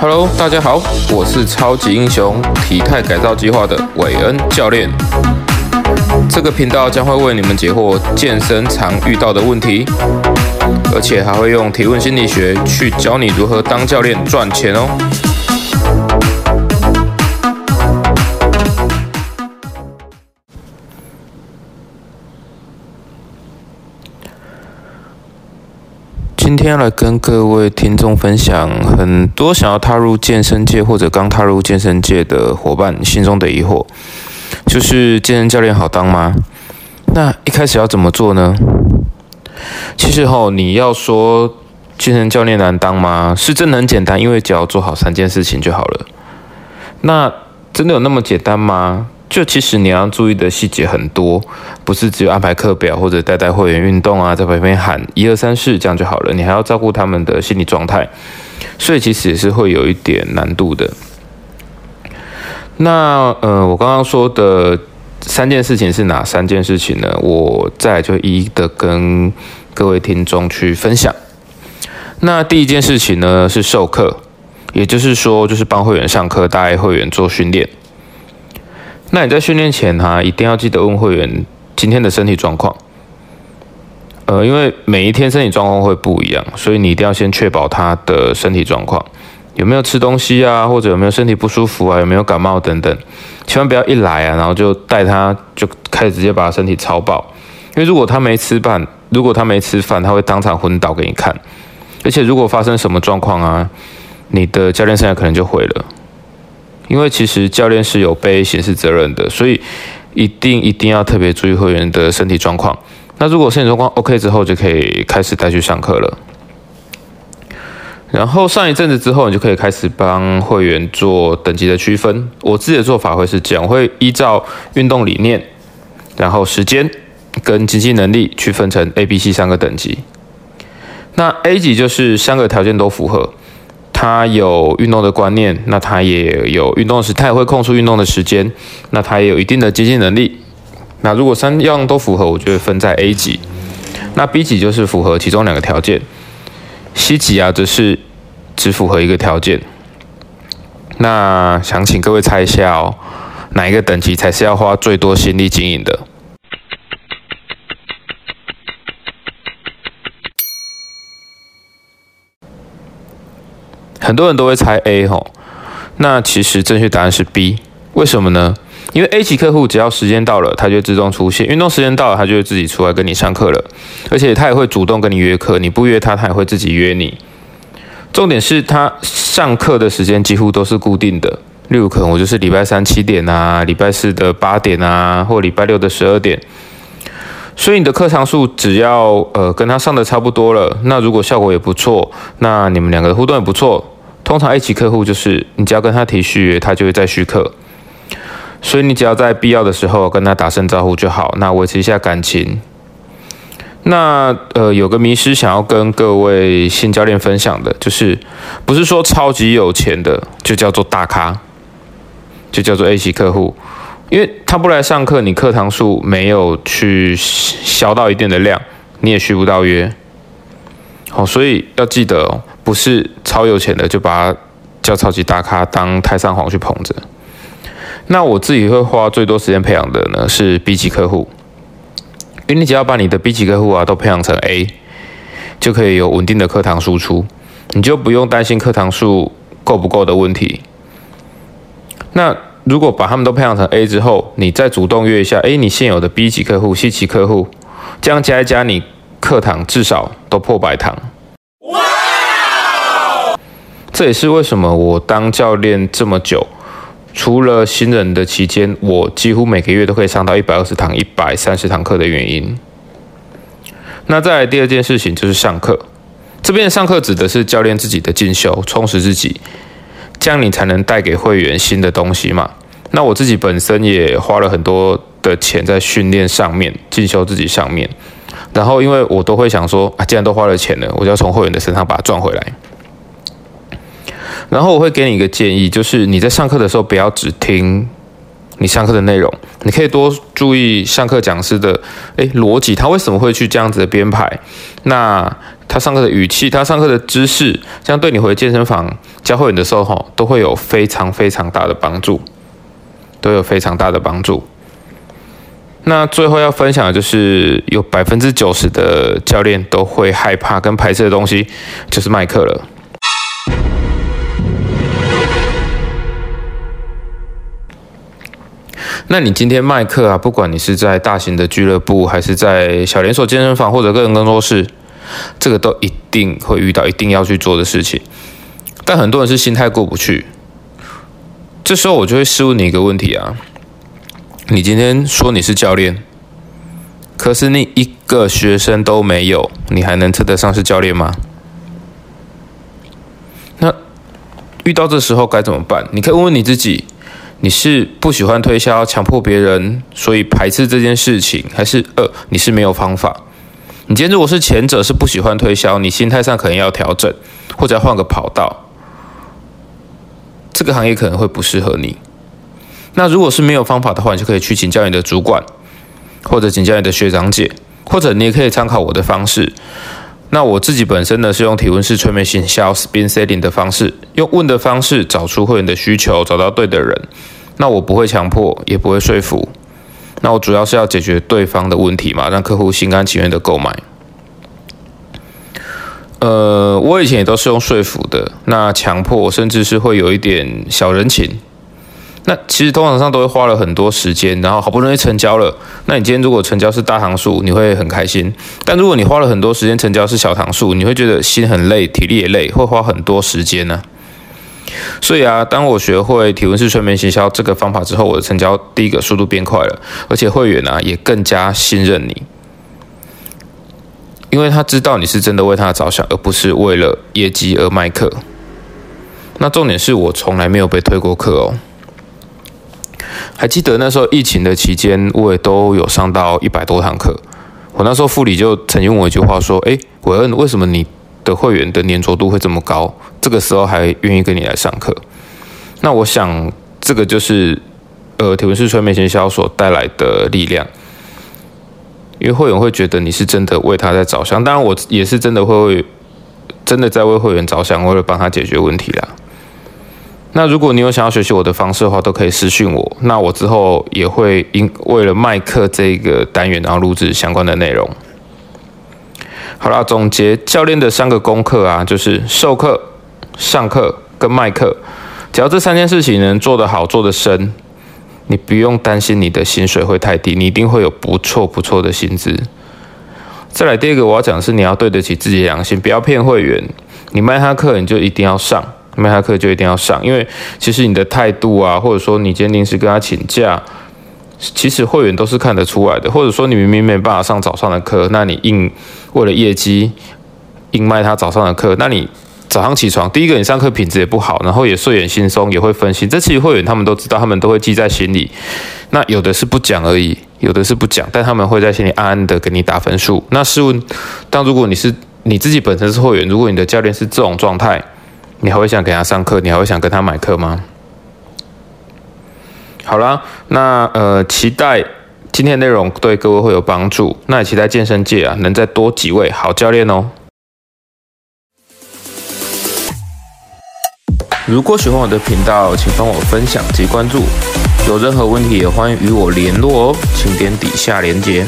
Hello，大家好，我是超級英雄體態改造計劃的韋恩教練。這個頻道將會為你們解惑健身常遇到的問題，而且還會用提問心理學去教你如何當教練賺錢哦。今天要來跟各位聽眾分享，很多想要踏入健身界或者剛踏入健身界的夥伴心中的疑惑，就是健身教練好當嗎？那一開始要怎麼做呢？其實吼，你要說健身教練難當嗎？是真的很簡單，因為只要做好三件事情就好了。那真的有那麼簡單嗎？就其實你要注意的細節很多，不是只有安排課表或者帶帶會員運動啊，在旁邊喊一二三四這樣就好了。你還要照顧他們的心理狀態，所以其實也是會有一點難度的。那呃，我剛剛說的三件事情是哪三件事情呢？我再來就一一的跟各位聽眾去分享。那第一件事情呢是授課，也就是說就是幫會員上課，帶會員做訓練。那你在訓練前哈、啊，一定要記得問會員今天的身體狀況。呃，因為每一天身體狀況會不一樣，所以你一定要先確保他的身體狀況，有沒有吃東西啊，或者有沒有身體不舒服啊，有沒有感冒等等。千萬不要一來啊，然後就帶他就開始直接把他身體操爆。因為如果他沒吃飯，如果他沒吃飯，他會當場昏倒給你看。而且如果發生什麼狀況啊，你的教練生涯可能就毀了。因為其實教練是有背刑事責任的，所以一定一定要特別注意會員的身體狀況。那如果身體狀況 OK 之後，就可以開始帶去上課了。然後上一陣子之後，你就可以開始幫會員做等級的區分。我自己的做法會是這樣，我會依照運動理念，然後時間跟經濟能力，區分成 A、B、C 三個等級。那 A 級就是三個條件都符合。他有運動的觀念，那他也有運動時，他也會空出運動的時間，那他也有一定的經濟能力。那如果三樣都符合，我就分在 A 級。那 B 級就是符合其中兩個條件，C 級啊，則是只符合一個條件。那想請各位猜一下哦，哪一個等級才是要花最多心力經營的？很多人都會猜 A 吼，那其實正確答案是 B，為什麼呢？因為 A 級客戶只要時間到了，他就自動出現；運動時間到了，他就會自己出來跟你上課了，而且他也會主動跟你約課，你不約他，他也會自己約你。重點是他上課的時間幾乎都是固定的，例如可能我就是禮拜三七點啊，禮拜四的八點啊，或禮拜六的十二點。所以你的課時數只要呃跟他上的差不多了，那如果效果也不錯，那你們兩個的互動也不錯。通常 A 級客戶就是你只要跟他提續約，他就會再續課，所以你只要在必要的時候跟他打聲招呼就好，那維持一下感情。那呃，有個迷思想要跟各位新教練分享的，就是不是說超級有錢的就叫做大咖，就叫做 A 級客戶，因為他不來上課，你課堂數沒有去消到一定的量，你也續不到約。好，哦，所以要記得哦。不是超有錢的，就把他叫超級大咖當太上皇去捧着。那我自己會花最多時間培養的呢，是 B 級客戶，因為你只要把你的 B 級客戶啊都培養成 A，就可以有穩定的課堂輸出，你就不用擔心課堂數夠不夠的問題。那如果把他們都培養成 A 之後，你再主動約一下，誒，你現有的 B 級客戶、C 級客戶，這樣加一加，你課堂至少都破百堂。這也是為什麼我當教練這麼久，除了新人的期間，我幾乎每個月都可以上到一百二十堂、一百三十堂課的原因。那再來第二件事情就是上課，這邊的上課指的是教練自己的進修、充實自己，這樣你才能帶給會員新的東西嘛。那我自己本身也花了很多的錢在訓練上面、進修自己上面，然後因為我都會想說，啊，既然都花了錢了，我就要從會員的身上把它賺回來。然後我會給你一個建議，就是你在上課的時候不要只聽你上課的內容，你可以多注意上課講師的哎邏輯，他為什麼會去這樣子的編排？那他上課的語氣，他上課的知識，這樣對你回健身房教會你的時候，都會有非常非常大的幫助，都有非常大的幫助。那最後要分享的就是，有百分之九十的教練都會害怕跟排斥的東西，就是麥克了。那你今天賣課啊？不管你是在大型的俱樂部，還是在小連鎖健身房，或者個人工作室，這個都一定會遇到，一定要去做的事情。但很多人是心態過不去，這時候我就會試問你一個問題啊：你今天說你是教練，可是你一個學生都沒有，你還能稱得上是教練嗎？那遇到這時候該怎麼辦？你可以問問你自己。你是不喜歡推銷強迫別人，所以排斥這件事情，還是二，呃，你是沒有方法？你今天如果是前者，是不喜歡推銷，你心態上可能要調整，或者要換個跑道，這個行業可能會不適合你。那如果是沒有方法的話，你就可以去請教你的主管，或者請教你的學長姐，或者你也可以參考我的方式。那我自己本身呢，是用提問式催眠型，像 Spin Selling 的方式，用問的方式找出會員的需求，找到對的人。那我不會強迫，也不會說服。那我主要是要解決對方的問題嘛，讓客戶心甘情願的購買。呃，我以前也都是用說服的，那強迫甚至是會有一點小人情。那其實通常上都會花了很多時間，然後好不容易成交了。那你今天如果成交是大堂數，你會很開心；但如果你花了很多時間成交是小堂數，你會覺得心很累，體力也累，會花很多時間呢、啊。所以啊，當我學會體溫式催眠行銷這個方法之後，我的成交第一個速度變快了，而且會員呢、啊、也更加信任你，因為他知道你是真的為他的着想，而不是為了業績而賣課。那重點是我從來沒有被推過課哦。還記得那時候疫情的期間，我也都有上到一百多堂課。我那時候副理就曾經問我一句話說：“誒，偉恩，為什麼你的會員的粘着度會這麼高？這個時候還願意跟你來上課？”那我想，這個就是呃，貼文式傳媒行銷所帶來的力量。因為會員會覺得你是真的為他在着想，當然我也是真的會真的在為會員着想，為了幫他解決問題啦。那如果你有想要學習我的方式的話，都可以私訊我。那我之後也會因為了賣課這個單元，然後錄製相關的內容。好啦，總結教練的三個功課啊，就是授課、上課跟賣課。只要這三件事情能做得好、做得深，你不用擔心你的薪水會太低，你一定會有不錯不錯的薪資。再來，第二個我要講的是你要對得起自己的良心，不要騙會員。你賣他課，你就一定要上。賣他課就一定要上，因為其實你的態度啊，或者說你今天臨時跟他請假，其實會員都是看得出來的。或者說你明明沒辦法上早上的課，那你硬為了業績硬賣他早上的課，那你早上起床，第一個你上課品質也不好，然後也睡眼惺忪，也會分心。這其實會員他們都知道，他們都會記在心裡。那有的是不講而已，有的是不講，但他們會在心裡暗暗的給你打分數。那試問，當如果你是你自己本身是會員，如果你的教練是這種狀態，你還會想給他上課？你還會想跟他買課嗎？好啦，那呃，期待今天內容對各位會有幫助。那也期待健身界啊，能再多幾位好教練哦。如果喜歡我的頻道，請幫我分享及關注。有任何問題也歡迎與我聯絡哦，請點底下連結。